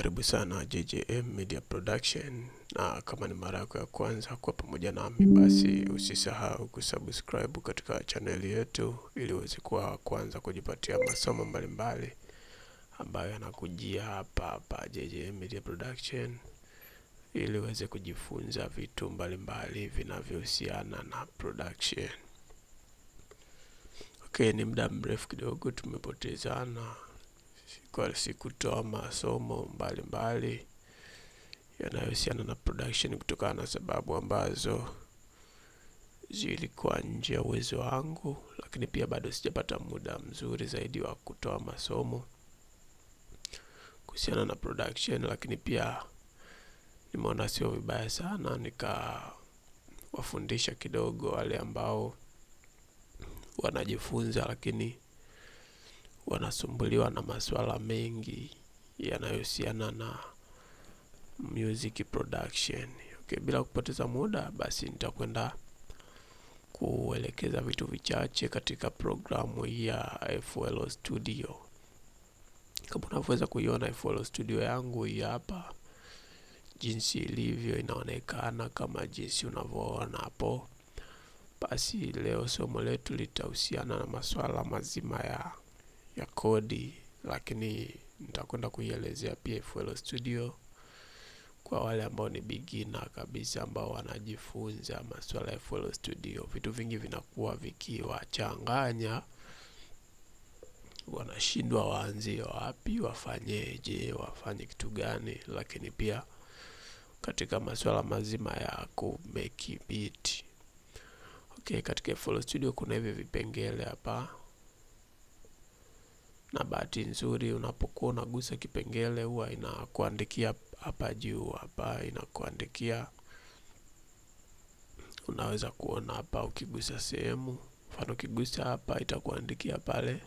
Karibu sana JJM Media Production, na kama ni mara yako ya kwanza kuwa pamoja nami, basi usisahau kusubscribe katika chaneli yetu ili uweze kuwa kwanza kujipatia masomo mbalimbali ambayo yanakujia hapa hapa JJM Media Production ili uweze kujifunza vitu mbalimbali vinavyohusiana na production. Okay, ni muda mrefu kidogo tumepotezana si kutoa masomo mbalimbali yanayohusiana na production kutokana na sababu ambazo zilikuwa nje ya uwezo wangu, lakini pia bado sijapata muda mzuri zaidi wa kutoa masomo kuhusiana na production, lakini pia nimeona sio vibaya sana nikawafundisha kidogo wale ambao wanajifunza, lakini wanasumbuliwa na masuala mengi yanayohusiana na music production. Okay, bila kupoteza muda, basi nitakwenda kuelekeza vitu vichache katika programu ya FL Studio. Kama unavyoweza kuiona FL Studio yangu hii hapa, jinsi ilivyo inaonekana kama jinsi unavyoona hapo. Basi leo somo letu litahusiana na masuala mazima ya ya kodi, lakini nitakwenda kuielezea PFL Studio kwa wale ambao ni beginner kabisa, ambao wanajifunza masuala ya FL Studio. Vitu vingi vinakuwa vikiwachanganya, wanashindwa waanzie wapi, wafanyeje, wafanye kitu gani. Lakini pia katika masuala mazima ya make beat. Okay, katika FL Studio kuna hivi vipengele hapa na bahati nzuri unapokuwa unagusa kipengele huwa inakuandikia hapa juu, hapa inakuandikia. Unaweza kuona hapa ukigusa sehemu, mfano ukigusa hapa itakuandikia pale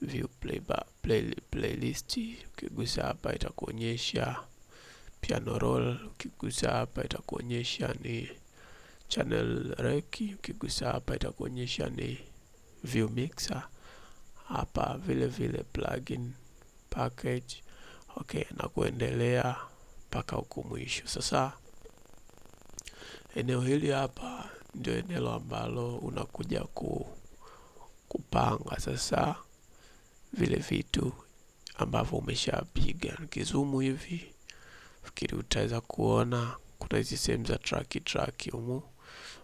view play ba, play, playlist. Ukigusa hapa itakuonyesha piano roll. Ukigusa hapa itakuonyesha ni channel reki. Ukigusa hapa itakuonyesha ni view mixer hapa vile vile plugin package okay na kuendelea mpaka huku mwisho sasa eneo hili hapa ndio eneo ambalo unakuja ku, kupanga sasa vile vitu ambavyo umeshapiga kizumu hivi fikiri utaweza kuona kuna hizi sehemu za traki traki humu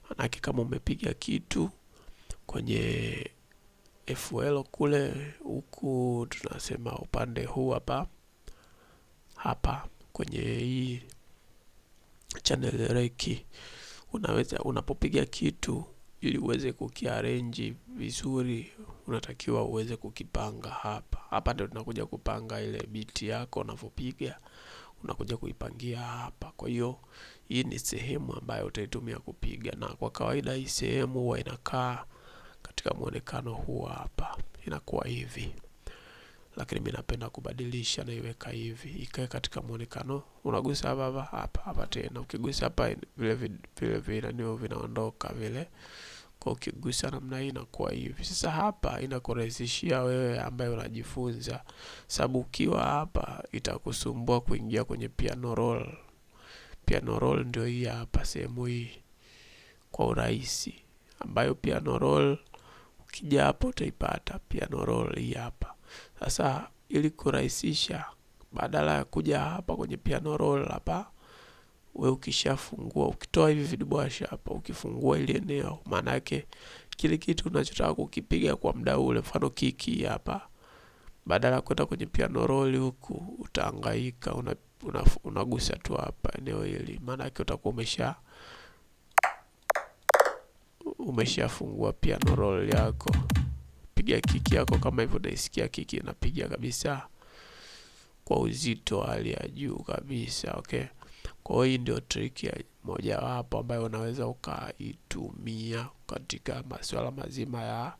manake kama umepiga kitu kwenye FL kule, huku tunasema upande huu hapa hapa kwenye hii channel reki, unaweza unapopiga kitu ili uweze kukiarrange vizuri, unatakiwa uweze kukipanga hapa hapa. Ndio tunakuja kupanga ile biti yako, unavyopiga unakuja kuipangia hapa. Kwa hiyo hii ni sehemu ambayo utaitumia kupiga, na kwa kawaida hii sehemu huwa inakaa katika mwonekano huu hapa inakuwa hivi, lakini mimi napenda kubadilisha na iweka hivi ikae katika mwonekano. Unagusa hapa hapa hapa hapa tena, ukigusa hapa vile vile vile ndio vinaondoka vile, kwa ukigusa namna hii inakuwa hivi. Sasa hapa inakurahisishia wewe ambaye unajifunza, sababu ukiwa hapa itakusumbua kuingia kwenye piano roll. Piano roll ndio hii hapa sehemu hii kwa urahisi ambayo piano roll Ukija hapo utaipata pia roll hii hapa. Sasa ili kurahisisha, badala ya kuja hapa kwenye piano roll hapa, we ukishafungua, ukitoa hivi vidibwasha hapa, ukifungua ili eneo, maana yake kile kitu unachotaka kukipiga kwa muda ule, mfano kiki hapa, badala ya kwenda kwenye piano roll huku utahangaika, unagusa una, una tu hapa eneo hili, maana yake utakuwa umesha umeshafungua piano roll yako, piga kiki yako kama hivyo. naisikia kiki inapiga kabisa kwa uzito hali ya juu kabisa, okay. Kwa hiyo hii ndio trick ya mojawapo ambayo unaweza ukaitumia katika masuala mazima ya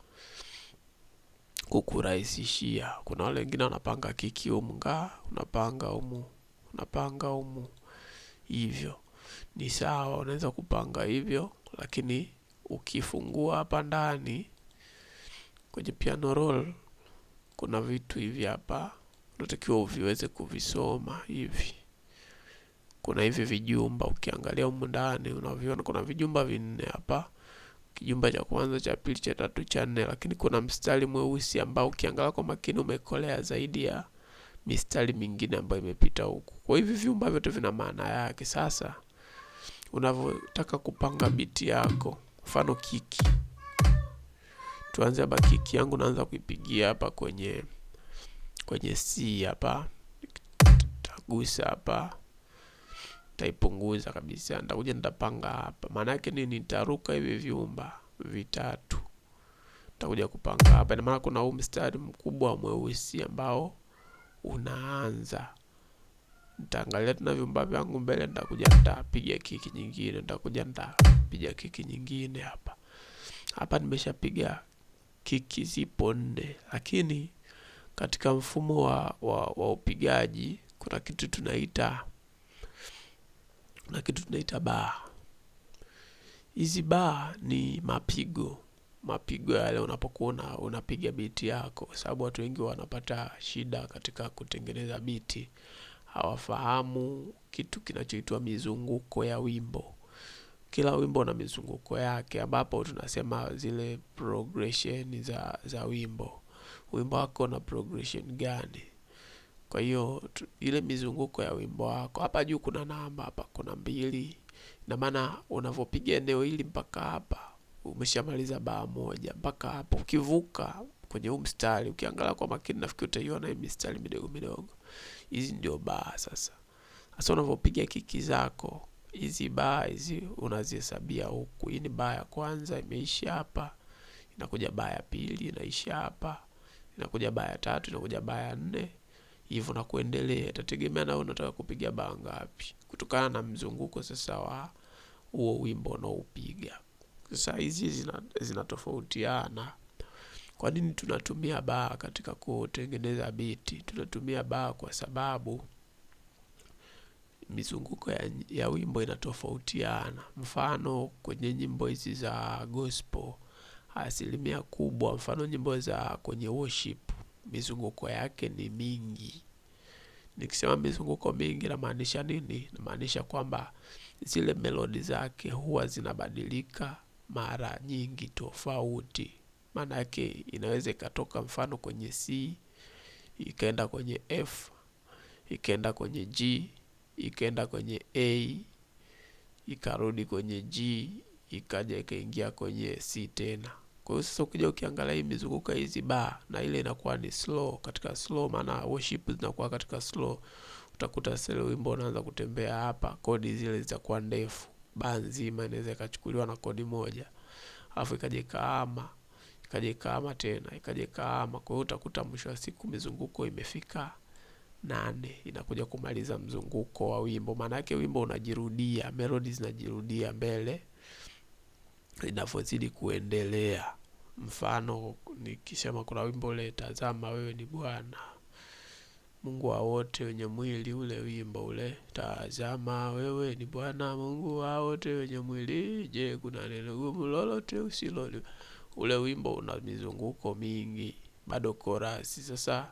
kukurahisishia. Kuna wale wengine wanapanga kiki umu nga, unapanga umu, unapanga umu hivyo ni sawa, unaweza kupanga hivyo lakini ukifungua hapa ndani kwenye piano roll kuna vitu hivi hapa unatakiwa uviweze kuvisoma hivi. Kuna hivi vijumba, ukiangalia humu ndani unaviona kuna vijumba vinne hapa, kijumba cha kwanza, cha pili, cha tatu, cha nne, lakini kuna mstari mweusi ambao ukiangalia kwa makini umekolea zaidi ya mistari mingine ambayo imepita huku. Kwa hivi vyumba vyote vina maana yake. Sasa unavyotaka kupanga biti yako mfano kiki. Tuanze hapa, kiki yangu naanza kuipigia hapa kwenye kwenye C hapa, tagusa hapa, taipunguza kabisa, nitakuja nitapanga hapa. Maana yake ni nitaruka hivi vyumba vitatu, nitakuja kupanga hapa. Ina maana kuna huu mstari mkubwa mweusi ambao unaanza ntaangalia tuna vyumba vyangu mbele, nitakuja nitapiga kiki nyingine, nitakuja nitapiga kiki nyingine hapa hapa. Nimeshapiga kiki zipo nne, lakini katika mfumo wa, wa, wa upigaji kuna kitu tunaita kuna kitu tunaita baa. Hizi baa ni mapigo mapigo yale unapokuwa unapiga biti yako, kwa sababu watu wengi wanapata shida katika kutengeneza biti hawafahamu kitu kinachoitwa mizunguko ya wimbo. Kila wimbo na mizunguko yake, ambapo tunasema zile progression za, za wimbo. Wimbo wako na progression gani? Kwa hiyo ile mizunguko ya wimbo wako, hapa juu kuna namba, hapa kuna mbili. na maana unavyopiga eneo hili mpaka hapa umeshamaliza baa moja mpaka hapo. Ukivuka kwenye huu mstari, ukiangalia kwa makini, nafikiri utaiona hii mistari midogo midogo hizi ndio baa sasa. Sasa unavyopiga kiki zako hizi baa hizi unazihesabia huku. Hii ni baa ya kwanza imeisha hapa, inakuja baa ya pili inaisha hapa, inakuja baa ya tatu, inakuja baa ya nne hivyo na kuendelea. Itategemea na unataka kupiga baa ngapi, kutokana na mzunguko sasa wa huo wimbo unaopiga. Sasa hizi zinatofautiana kwa nini tunatumia baa katika kutengeneza biti? Tunatumia baa kwa sababu mizunguko ya, ya wimbo inatofautiana. Mfano kwenye nyimbo hizi za gospel asilimia kubwa, mfano nyimbo za kwenye worship mizunguko yake ni mingi. Nikisema mizunguko mingi namaanisha nini? Namaanisha kwamba zile melodi zake huwa zinabadilika mara nyingi tofauti maana yake inaweza ikatoka mfano kwenye C ikaenda kwenye F ikaenda kwenye G ikaenda kwenye A ikarudi kwenye G ikaja ikaingia kwenye C tena. Kwa hiyo sasa ukija ukiangalia hii mizunguko hizi ba na ile inakuwa ni slow, katika slow maana worship zinakuwa katika slow, utakuta sasa wimbo unaanza kutembea hapa, kodi zile zitakuwa ndefu, ba nzima inaweza ikachukuliwa na kodi moja, alafu ikaja ikaama ikaja ikaama tena, ikaja ikaama. Kwa hiyo utakuta mwisho wa siku mizunguko imefika nane, inakuja kumaliza mzunguko wa wimbo. Maana yake wimbo unajirudia, melodi zinajirudia mbele inavyozidi kuendelea. Mfano nikisema kuna wimbo ule tazama wewe ni Bwana Mungu wa wote wenye mwili, ule wimbo ule, tazama wewe ni Bwana Mungu wa wote wenye mwili, je, kuna neno gumu lolote ule wimbo una mizunguko mingi, bado korasi. Sasa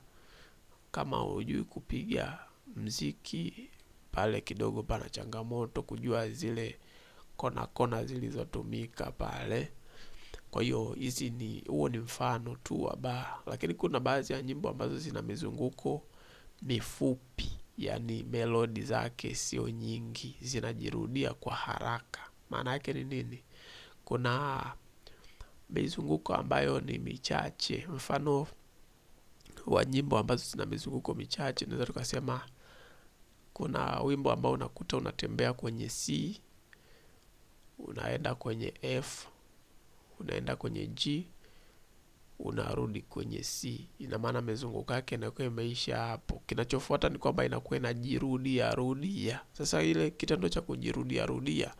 kama hujui kupiga mziki pale, kidogo pana changamoto kujua zile kona kona zilizotumika pale. Kwa hiyo hizi ni huo ni mfano tu wa baa, lakini kuna baadhi ya nyimbo ambazo zina mizunguko mifupi, yani melodi zake sio nyingi, zinajirudia kwa haraka. Maana yake ni nini? Kuna mizunguko ambayo ni michache. Mfano wa nyimbo ambazo zina mizunguko michache, naweza tukasema kuna wimbo ambao unakuta unatembea kwenye C, unaenda kwenye F, unaenda kwenye G, unarudi kwenye C. Ina maana mizunguko yake inakuwa imeisha hapo. Kinachofuata ni kwamba inakuwa inajirudia rudia. Sasa ile kitendo cha kujirudia rudia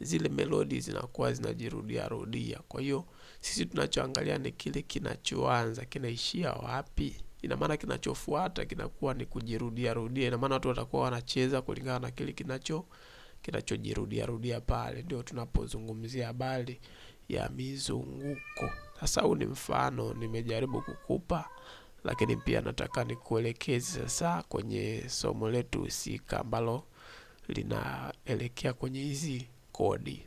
zile melodi zinakuwa zinajirudia rudia. Kwa hiyo sisi tunachoangalia ni kile kinachoanza kinaishia wapi. Ina maana kinachofuata kinakuwa ni kujirudia rudia, ina maana watu watakuwa wanacheza kulingana na kile kinacho kinachojirudia rudia pale, ndio tunapozungumzia habari ya mizunguko. Sasa huu ni mfano nimejaribu kukupa, lakini pia nataka nikuelekeze sasa kwenye somo letu husika ambalo linaelekea kwenye hizi kodi.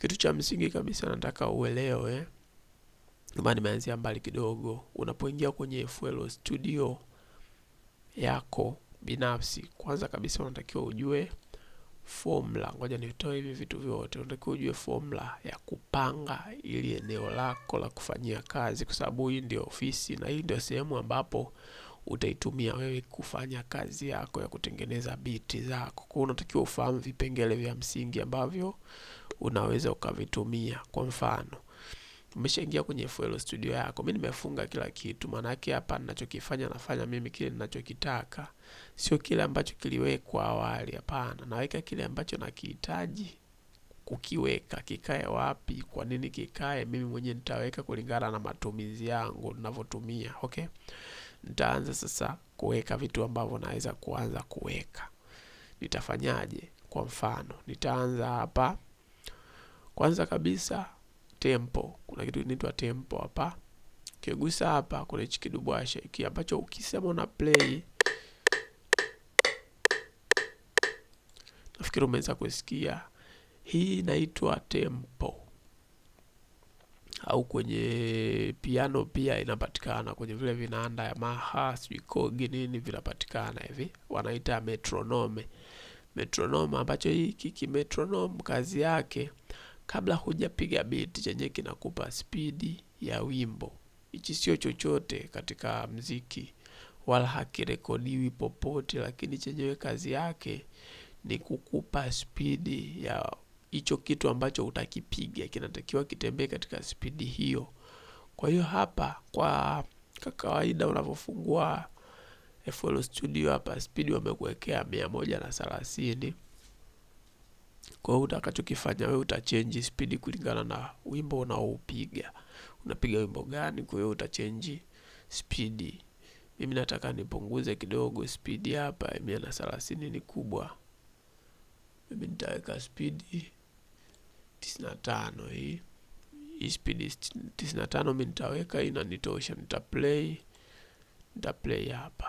Kitu cha msingi kabisa nataka uelewe, kama nimeanzia mbali kidogo, unapoingia kwenye FL Studio yako binafsi, kwanza kabisa unatakiwa ujue formula. Ngoja nitoe hivi vitu vyote. Unatakiwa ujue formula ya kupanga ili eneo lako la kufanyia kazi, kwa sababu hii ndio ofisi na hii ndio sehemu ambapo utaitumia wewe kufanya kazi yako ya kutengeneza biti zako. Kwa unatakiwa ufahamu vipengele vya msingi ambavyo unaweza ukavitumia. Kwa mfano, umeshaingia kwenye FL Studio yako. Mimi nimefunga kila kitu, maana yake hapa ninachokifanya nafanya mimi kile ninachokitaka, sio kile ambacho kiliwekwa awali. Hapana, naweka kile ambacho nakihitaji kukiweka kikae wapi, kwa nini kikae, mimi mwenyewe nitaweka kulingana na matumizi yangu ninavyotumia. Okay nitaanza sasa kuweka vitu ambavyo naweza kuanza kuweka. Nitafanyaje? Kwa mfano, nitaanza hapa. Kwanza kabisa tempo, kuna kitu kinaitwa tempo hapa. Ukigusa hapa, kuna hichi kidubwasha hiki ambacho ukisema una play, nafikiri umeweza kusikia. Hii inaitwa tempo au kwenye piano pia inapatikana kwenye vile vinaanda ya maha sijui kogi nini vinapatikana hivi, wanaita metronome. Metronome ambacho hiki kimetronome kazi yake, kabla hujapiga beat chenye kinakupa spidi ya wimbo. Hichi sio chochote katika mziki wala hakirekodiwi popote, lakini chenyewe kazi yake ni kukupa spidi ya hicho kitu ambacho utakipiga kinatakiwa kitembee katika spidi hiyo. Kwa hiyo hapa kwa kawaida unavyofungua FL Studio hapa spidi wamekuwekea mia moja na thelathini. Kwa hiyo utakachokifanya wewe utachange spidi kulingana na wimbo unaoupiga. Unapiga wimbo gani? Kwa hiyo utachange spidi. Mimi nataka nipunguze kidogo spidi hapa, mia na thelathini ni kubwa. Mimi nitaweka spidi 95 hii hii speed 95 mimi nitaweka, inanitosha. Nitaplay, nitaplay hapa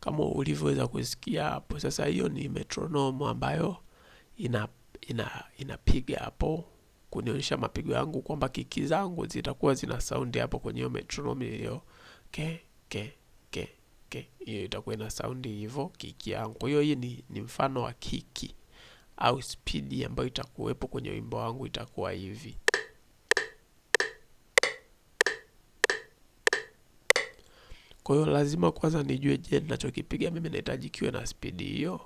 kama ulivyoweza kusikia hapo. Sasa hiyo ni metronomu ambayo ina inapiga ina hapo kunionyesha mapigo yangu kwamba kiki zangu zitakuwa zina saundi hapo kwenye hiyo metronomu hiyo. Okay, okay okay. Hiyo itakuwa ina saundi hivyo kiki yangu. Kwa hiyo hii ni, ni mfano wa kiki au spidi ambayo itakuwepo kwenye wimbo wangu itakuwa hivi. Kwa hiyo lazima kwanza nijue, je, ninachokipiga mimi nahitaji kiwe na spidi hiyo?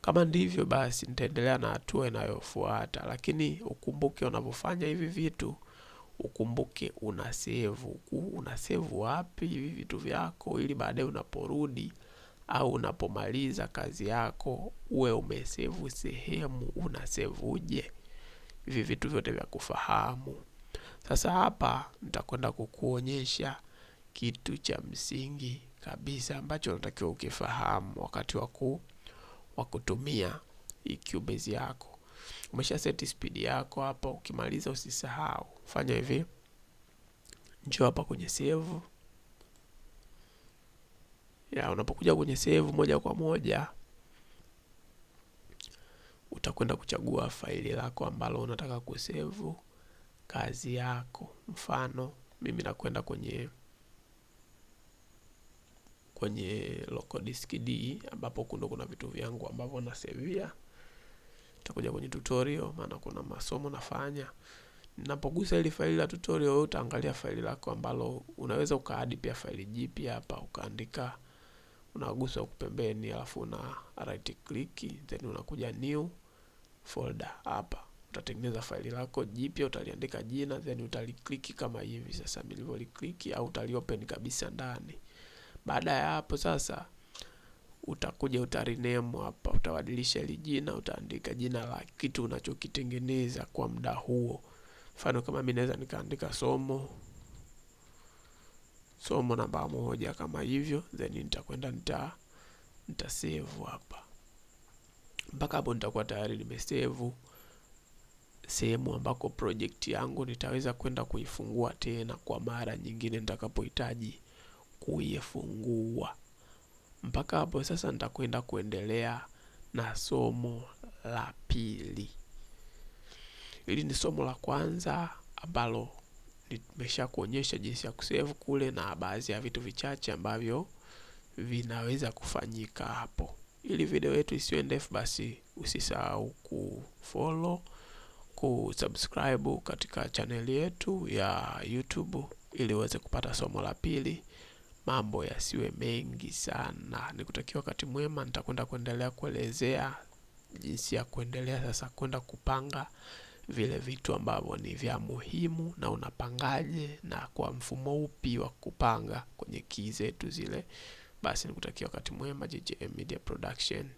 Kama ndivyo, basi nitaendelea na hatua inayofuata, lakini ukumbuke unavyofanya hivi vitu ukumbuke unasevu, unasevu wapi hivi vitu vyako, ili baadaye unaporudi au unapomaliza kazi yako uwe umesevu sehemu, unasevuje hivi vitu vyote vya kufahamu. Sasa hapa nitakwenda kukuonyesha kitu cha msingi kabisa ambacho unatakiwa ukifahamu wakati wa kutumia ikubezi Cubase yako. Umesha seti speed yako hapa, ukimaliza usisahau fanya hivi, njoo hapa kwenye save ya. Unapokuja kwenye save, moja kwa moja utakwenda kuchagua faili lako ambalo unataka kusevu kazi yako. Mfano mimi nakwenda kwenye kwenye local disk D ambapo kundo kuna vitu vyangu ambavyo nasevia utakuja kwenye tutorial, maana kuna masomo nafanya. Ninapogusa ile faili la tutorial, wewe utaangalia faili lako ambalo unaweza ukaadi pia faili jipya hapa ukaandika, unagusa huku pembeni, alafu una right click, then unakuja new folder hapa utatengeneza faili lako jipya, utaliandika jina then utalikliki kama hivi sasa nilivyolikliki, au utaliopen kabisa ndani. Baada ya hapo sasa utakuja utarinemu hapa, utawadilisha hili jina, utaandika jina la kitu unachokitengeneza kwa muda huo. Mfano, kama mimi naweza nikaandika somo somo namba moja kama hivyo, then nitakwenda nita save hapa. Mpaka hapo nitakuwa tayari nimesave sehemu ambako project yangu nitaweza kwenda kuifungua tena kwa mara nyingine nitakapohitaji kuifungua. Mpaka hapo sasa nitakwenda kuendelea na somo la pili. Hili ni somo la kwanza ambalo nimesha kuonyesha jinsi ya kusevu kule na baadhi ya vitu vichache ambavyo vinaweza kufanyika hapo. Ili video yetu isiwe ndefu, basi usisahau kufollow, kusubscribe katika chaneli yetu ya YouTube ili uweze kupata somo la pili mambo yasiwe mengi sana. Nikutakia wakati mwema, nitakwenda kuendelea kuelezea jinsi ya kuendelea sasa kwenda kupanga vile vitu ambavyo ni vya muhimu na unapangaje na kwa mfumo upi wa kupanga kwenye kii zetu zile. Basi nikutakia wakati mwema. JJM Media Production.